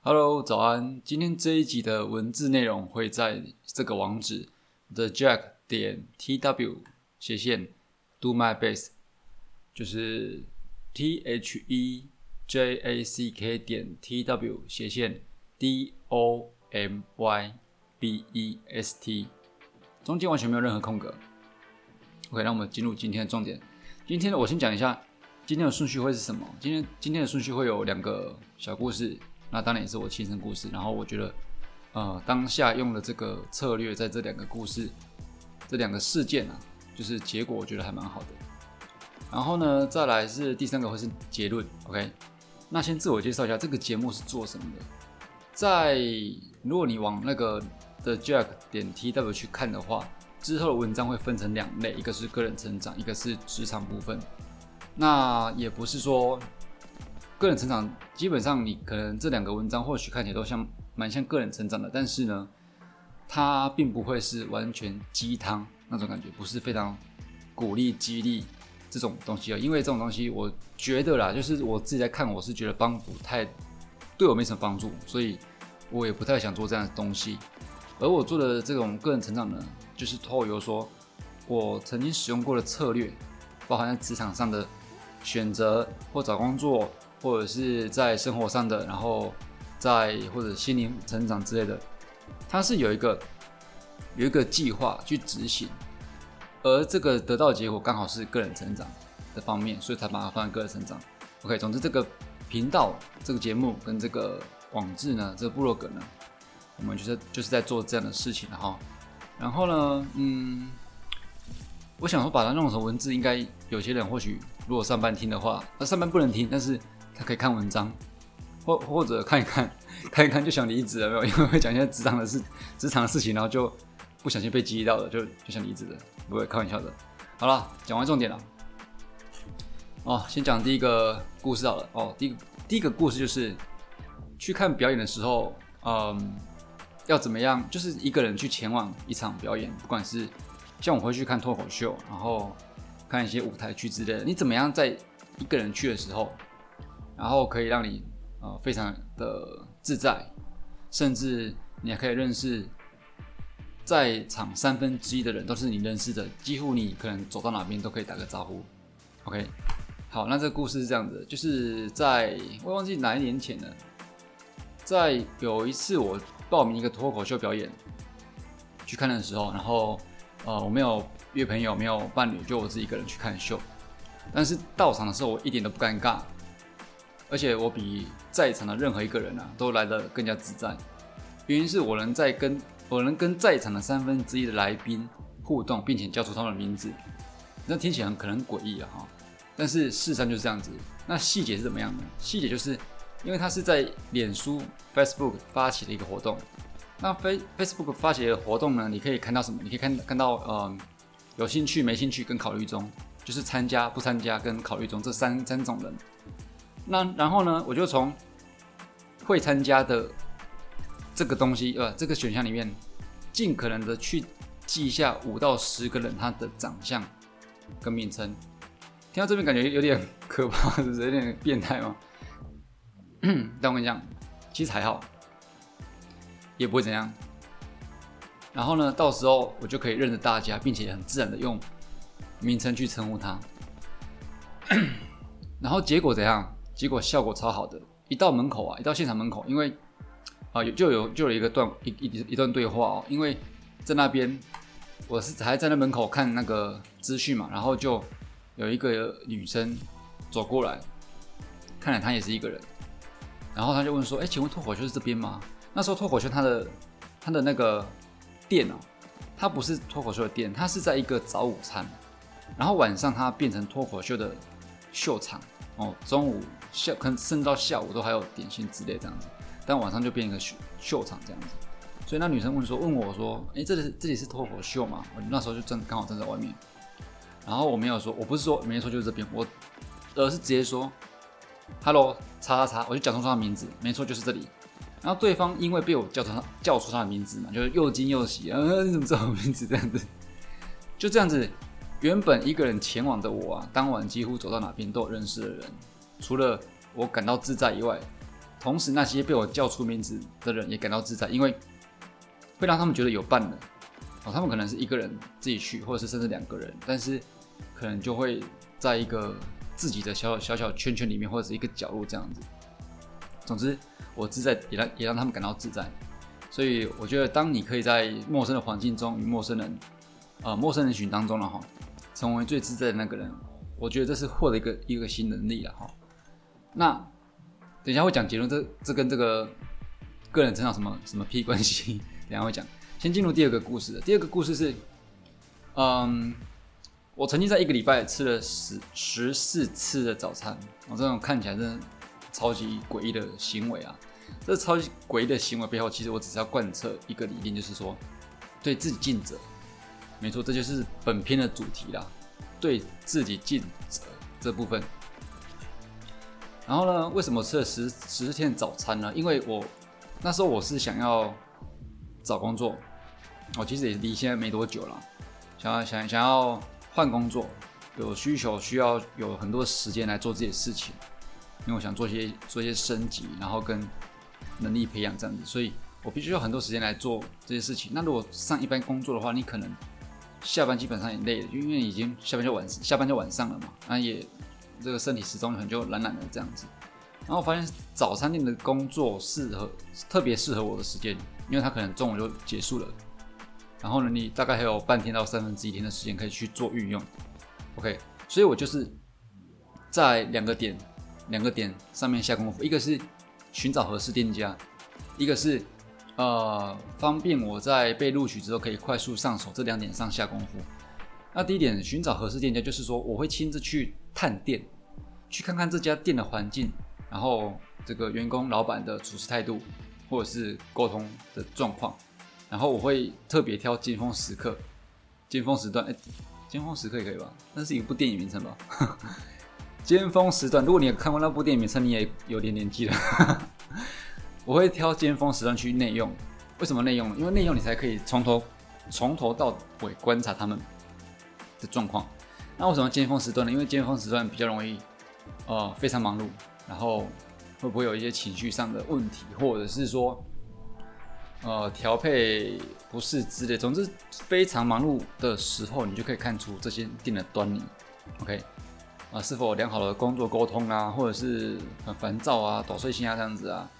Hello，早安！今天這一集的文字內容會在這個網址：thejack 點 tw 斜線 do my best，就是 t h e j a c k 點 t w 斜線 d o m y b e s t，中間完全沒有任何空格。OK，那我們進入今天的重點。今天呢，我先講一下今天的順序會是什麼？今天今天的順序會有兩個小故事。那當然也是我親身故事，然後我覺得，呃，當下用的這個策略，在這兩個故事，這兩個事件啊，就是結果，我覺得還蠻好的。然後呢，再來是第三個，會是結論。OK，那先自我介紹一下，這個節目是做什麼的？在如果你往那個 The Jack 點 T W 去看的話，之後的文章會分成兩類，一個是個人成長，一個是職場部分。那也不是說。個人成長基本上，你可能這兩個文章或許看起來都像蠻像個人成長的，但是呢，它並不會是完全雞湯那種感覺，不是非常鼓勵激勵這種東西啊、喔。因為這種東西，我覺得啦，就是我自己在看，我是覺得幫不太對我沒什麼幫助，所以我也不太想做這樣的東西。而我做的這種個人成長呢，就是透過說我曾經使用過的策略，包含在職場上的選擇或找工作。或者是在生活上的，然後在或者心靈成長之類的，它是有一個有一個計劃去執行，而這個得到的結果剛好是個人成長的方面，所以才把它放在個人成長。OK，總之這個頻道、這個節目跟這個網志呢，這個部落格呢，我們就是就是在做這樣的事情的哈。然後呢，嗯，我想說把它弄成文字，應該有些人或許如果上班聽的話，那上班不能聽，但是。他可以看文章，或或者看一看，看一看就想離職了沒有？因為會講一些職場的事，職場的事情，然後就不小心被激到了，就就想離職了。不會，開玩笑的。好了，講完重點了。哦，先講第一個故事好了。哦，第一個第一個故事就是去看表演的時候，嗯、呃，要怎麼樣？就是一個人去前往一場表演，不管是像我會去看脫口秀，然後看一些舞台劇之類的，你怎麼樣在一個人去的時候？然後可以讓你呃非常的自在，甚至你還可以認識，在場三分之一的人都是你認識的，幾乎你可能走到哪邊都可以打個招呼。OK，好，那這個故事是這樣子，就是在我忘記哪一年前呢，在有一次我報名一個脫口秀表演去看的時候，然後呃我沒有約朋友，沒有伴侶，就我自己一個人去看秀。但是到場的時候，我一點都不尷尬。而且我比在場的任何一個人啊都來得更加自在，原因是我能在跟我能跟在場的三分之一的來賓互動，並且叫出他們的名字。那聽起來可能很詭異啊哈，但是事實上就是這樣子。那細節是怎麼樣的？細節就是，因為他是在臉書 Facebook 發起的一個活動。那 Facebook 發起的活動呢？你可以看到什麼？你可以看看到呃，有興趣、沒興趣跟考慮中，就是參加、不參加跟考慮中這三三種人。那然後呢，我就從會參加的這個東西，呃，這個選項裡面，盡可能的去記一下五到十個人他的長相跟名稱。聽到這邊感覺有點可怕，是，是有點、點變態嗎？但我跟你講，其實還好，也不會怎樣。然後呢，到時候我就可以認識大家，並且很自然的用名稱去稱呼他。然後結果怎樣？結果效果超好的，一到門口啊，一到現場門口，因為啊、呃，就有就有一個段一一一段對話哦，因為在那邊，我是還在那門口看那個資訊嘛，然後就有一個女生走過來，看來她也是一個人，然後她就問說：“哎、欸，請問脫口秀是這邊嗎？”那時候脫口秀他的他的那個店啊，它不是脫口秀的店，它是在一個早午餐，然後晚上它變成脫口秀的。秀場哦，中午下可能甚至到下午都還有點心之類這樣子，但晚上就變一個秀秀場這樣子。所以那女生問說：“問我說，誒、欸，這裡是這裡是脫口秀嗎？”我那時候就正剛好站在外面，然後我沒有說，我不是說沒錯就是這邊，我而是直接說：“哈嘍，叉叉叉。”我就講出他的名字，沒錯就是這裡。然後對方因為被我叫成叫出他的名字嘛，就是又驚又喜，嗯、啊，你怎麼知道我名字這樣子？就這樣子。原本一個人前往的我啊，當晚幾乎走到哪邊都有認識的人，除了我感到自在以外，同時那些被我叫出名字的人也感到自在，因為會讓他們覺得有伴的。哦，他們可能是一個人自己去，或者是甚至兩個人，但是可能就會在一個自己的小小小小圈圈裡面，或者是一個角落這樣子。總之，我自在也讓也讓他們感到自在。所以我覺得，當你可以在陌生的環境中與陌生人，呃，陌生人群當中的話。成為最自在的那個人，我覺得這是獲得一個一個新能力了。那等一下會講結論，這這跟這個個人成長什麼什麼屁關係？等下會講。先進入第二個故事，第二個故事是，嗯，我曾經在一個禮拜吃了十十四次的早餐，我、喔、這種看起來真的超級詭異的行為啊，這超級詭異的行為背後，其實我只是要貫徹一個理念，就是說對自己盡責。沒錯，這就是本片的主題啦，對自己盡這部分。然後呢，為什麼吃了十十四天早餐呢？因為我那時候我是想要找工作，我其實也離現在沒多久了，想要想想要換工作，有需求需要有很多時間來做這些事情，因為我想做些做些升級，然後跟能力培養這樣子，所以我必須有很多時間來做這些事情。那如果上一般工作的話，你可能。下班基本上也累了，因為已經下班，就晚下班，就晚上了嘛，然後、啊、也這個身體時鐘很就懶懶的這樣子。然後我發現早餐店的工作適合，特別適合我的時間，因為他可能中午就結束了，然後呢，你大概還有半天到三分之一天的時間可以去做運用。OK，所以我就是在兩個點，兩個點上面下功夫，一個是尋找合適店家，一個是。呃，方便我在被錄取之後可以快速上手，這兩點上下功夫。那第一點，尋找合適店家，就是說我會親自去探店，去看看這家店的環境，然後這個員工、老闆的處事態度，或者是溝通的狀況。然後我會特別挑尖峰時刻、尖峰時段，哎，尖峰時刻也可以吧？那是一部電影名稱吧？尖 峰時段，如果你看過那部電影名稱，你也有點年紀了。 我會挑尖峰時段去內用，為什麼內用呢？因為內用你才可以從頭從頭到尾觀察他們的狀況。那為什麼尖峰時段呢？因為尖峰時段比較容易，呃，非常忙碌，然後會不會有一些情緒上的問題，或者是說，呃，調配不適之類，總之非常忙碌的時候，你就可以看出這些店的端倪。OK，啊、呃，是否有良好的工作溝通啊，或者是很煩躁啊、搗碎心啊這樣子啊。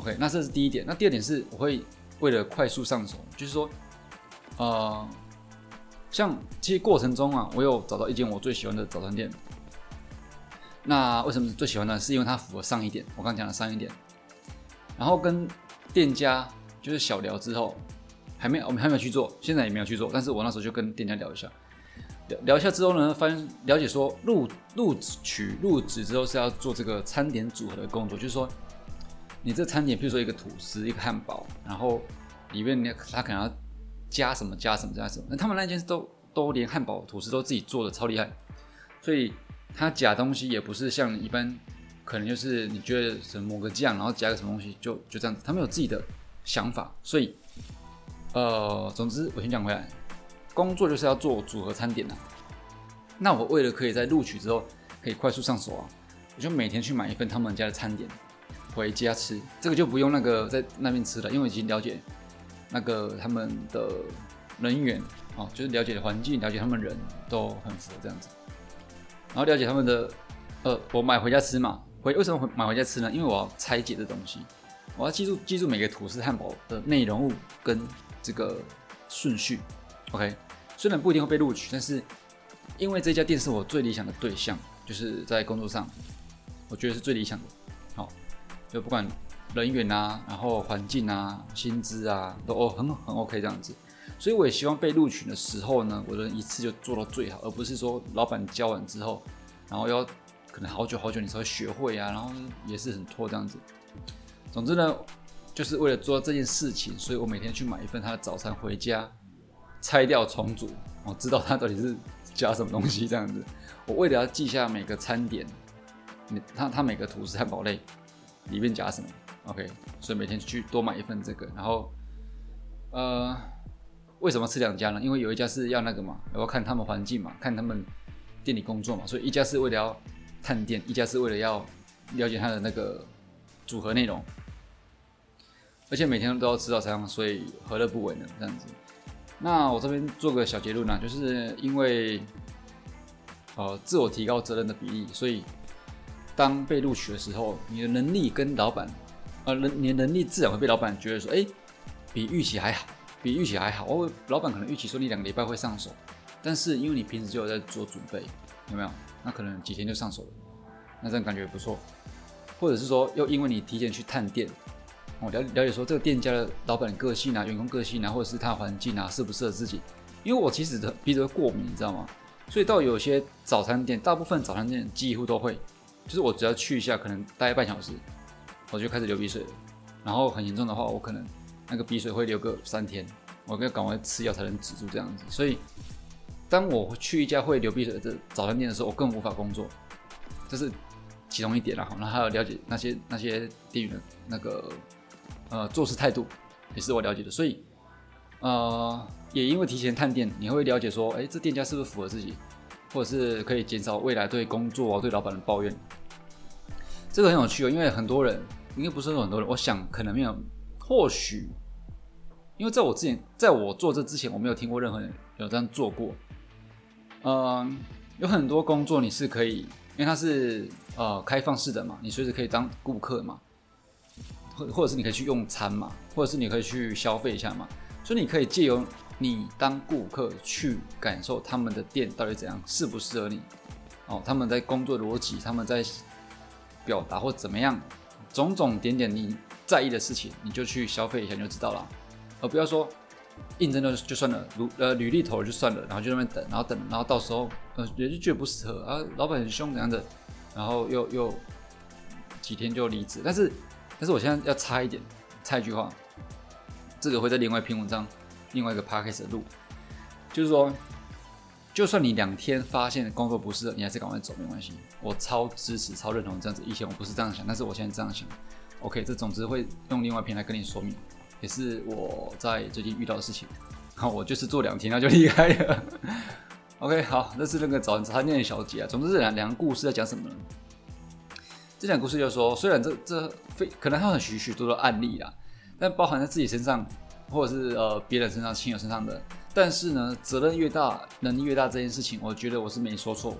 OK，那這是第一點。那第二點是我會為了快速上手，就是說，呃，像這些過程中啊，我有找到一間我最喜歡的早餐店。那為什麼最喜歡呢？是因為它符合上一點，我剛講的上一點。然後跟店家就是小聊之後，還沒我們還沒有去做，現在也沒有去做。但是我那時候就跟店家聊一下，聊聊一下之後呢，發現了解說錄錄取入職之後是要做這個餐點組合的工作，就是說。你這餐點，比如說一個吐司，一個漢堡，然後裡面呢，它可能要加什麼加什麼加什麼。那他們那間都都連漢堡、吐司都自己做的，超厲害。所以他夾東西也不是像一般，可能就是你覺得什麼個醬，然後加個什麼東西就就這樣子。他們有自己的想法，所以呃，總之我先講回來，工作就是要做組合餐點吶。那我為了可以在錄取之後可以快速上手啊，我就每天去買一份他們家的餐點。回家吃，這個就不用那個在那邊吃了，因為我已經了解那個他們的人員哦，就是了解環境，了解他們人都很符合這樣子。然後了解他們的，呃，我買回家吃嘛，回為什麼買回家吃呢？因為我要拆解這東西，我要記住記住每個吐司漢堡的內容物跟這個順序。OK，雖然不一定會被錄取，但是因為這家店是我最理想的對象，就是在工作上，我覺得是最理想的。就不管人員啊，然後環境啊，薪資啊，都哦很很 OK 這樣子。所以我也希望被錄取的時候呢，我能一次就做到最好，而不是說老闆教完之後，然後要可能好久好久你才會學會啊，然後也是很拖這樣子。總之呢，就是為了做這件事情，所以我每天去買一份他的早餐回家，拆掉重組，我知道他到底是加什麼東西這樣子。 我為了要記下每個餐點，每他他每個圖是漢堡類。裡面夾什麼？OK，所以每天去多買一份這個。然後，呃，為什麼吃兩家呢？因為有一家是要那個嘛，要，要看他們環境嘛，看他們店裡工作嘛。所以一家是為了要探店，一家是為了要了解他的那個組合內容。而且每天都要吃早餐，所以何樂不為呢？這樣子。那我這邊做個小結論呢，啊，就是因為呃自我提高責任的比例，所以，當被錄取的時候，你的能力跟老闆，呃，能你的能力自然會被老闆覺得說，哎、欸，比預期還好，比預期還好。哦、老闆可能預期說你兩個禮拜會上手，但是因為你平時就有在做準備，有沒有？那可能幾天就上手了，那這樣感覺也不錯。或者是說，又因為你提前去探店，我、哦、了了解說這個店家的老闆個性啊、員工個性啊，或者是他環境啊，適不適合自己？因為我其實的鼻子會過敏，你知道嗎？所以到有些早餐店，大部分早餐店幾乎都會。其實我只要去一下，可能待半小時，我就開始流鼻水。然後很嚴重的話，我可能那個鼻水會流個三天，我要趕快吃藥才能止住這樣子。所以，當我去一家會流鼻水的早餐店的時候，我更無法工作。這是其中一點啦。然後還有了解那些那些店員那個呃做事態度，也是我了解的。所以，呃，也因為提前探店，你會了解說，哎、欸，這店家是不是符合自己，或者是可以減少未來對工作對老板的抱怨。這個很有趣哦，因為很多人應該不是說很多人，我想可能沒有，或許，因為在我之前，在我做這之前，我沒有聽過任何人有這樣做過。嗯，有很多工作你是可以，因為它是呃開放式的嘛，你隨時可以當顧客嘛，或或者是你可以去用餐嘛，或者是你可以去消費一下嘛，所以你可以借由你當顧客去感受他們的店到底怎樣，適不適合你，哦，他們在工作邏輯，他們在。表達或怎麼樣，種種點點你在意的事情，你就去消費一下你就知道了，而不要說應徵的就算了，呃履呃履歷投就算了，然後就在那邊等，然後等，然後到時候呃也就覺得不適合啊，老闆很凶怎樣的，然後又又幾天就離職，但是但是我現在要插一點插一句話，這個會在另外一篇文章另外一個 podcast 的錄，就是說。就算你兩天發現工作不適合，你還是趕快走，沒關係。我超支持、超認同這樣子。以前我不是這樣想，但是我現在這樣想。OK，這總之會用另外一篇來跟你說明，也是我在最近遇到的事情。好，我就是做兩天那就離開了。 OK，好，那是那個早安早安念的小姐啊。總之這兩兩個故事在講什麼呢？這兩個故事就是說，雖然這這非可能還有許許多多案例啊，但包含在自己身上，或者是呃別人身上、親友身上的。但是呢，責任越大，能力越大這件事情，我覺得我是沒說錯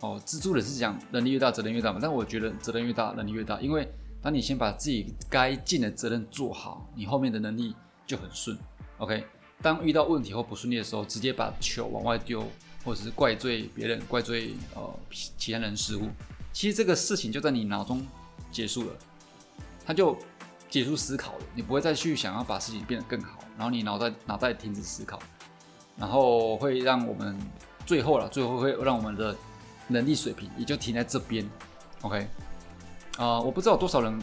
哦，蜘蛛人是講能力越大，責任越大嘛。但我覺得責任越大，能力越大，因為當你先把自己該盡的責任做好，你後面的能力就很順。OK，當遇到問題或不順利的時候，直接把球往外丟，或者是怪罪別人、怪罪呃其他人失誤，其實這個事情就在你腦中結束了，它就。結束思考的，你不會再去想要把事情變得更好，然後你腦袋腦袋停止思考，然後會讓我們最後了，最後會讓我們的能力水平也就停在這邊，OK，啊、呃，我不知道有多少人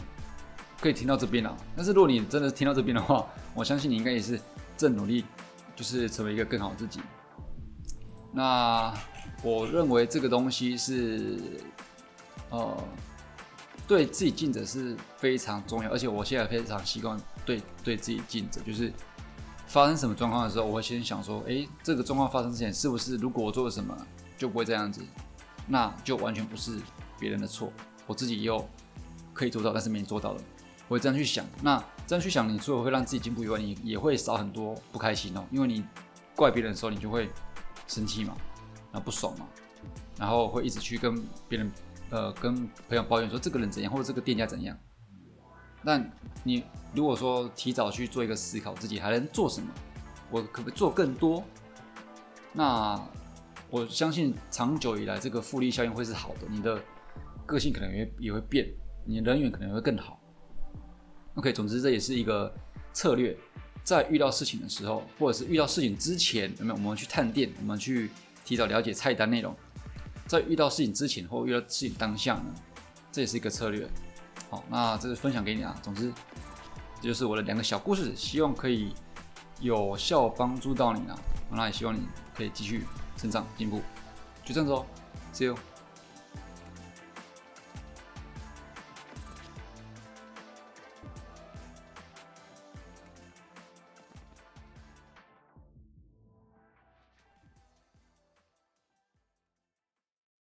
可以聽到這邊了、啊，但是如果你真的聽到這邊的話，我相信你應該也是正努力，就是成為一個更好的自己。那我認為這個東西是，哦、呃。對自己盡責是非常重要，而且我現在非常習慣對對自己盡責，就是發生什麼狀況的時候，我會先想說，誒，這個狀況發生之前，是不是如果我做了什麼，就不會這樣子，那就完全不是別人的錯，我自己又可以做到，但是沒做到的，我會這樣去想。那這樣去想，你除了會讓自己進步以外，你也會少很多不開心哦，因為你怪別人的時候，你就會生氣嘛，然後不爽嘛，然後會一直去跟別人。呃，跟朋友抱怨說這個人怎樣，或者這個店家怎樣。那你如果說提早去做一個思考，自己還能做什麼？我可不可以做更多？那我相信長久以來這個複利效應會是好的。你的個性可能也也會變，你的人緣可能也會更好。OK，總之這也是一個策略，在遇到事情的時候，或者是遇到事情之前，有沒有，我們去探店，我們去提早了解菜單內容。在遇到事情之前，或遇到事情當下呢，這也是一個策略。好，那這是分享給你啊。總之，這就是我的兩個小故事，希望可以有效幫助到你啊。那也希望你可以繼續成長進步。就這樣子哦，See you。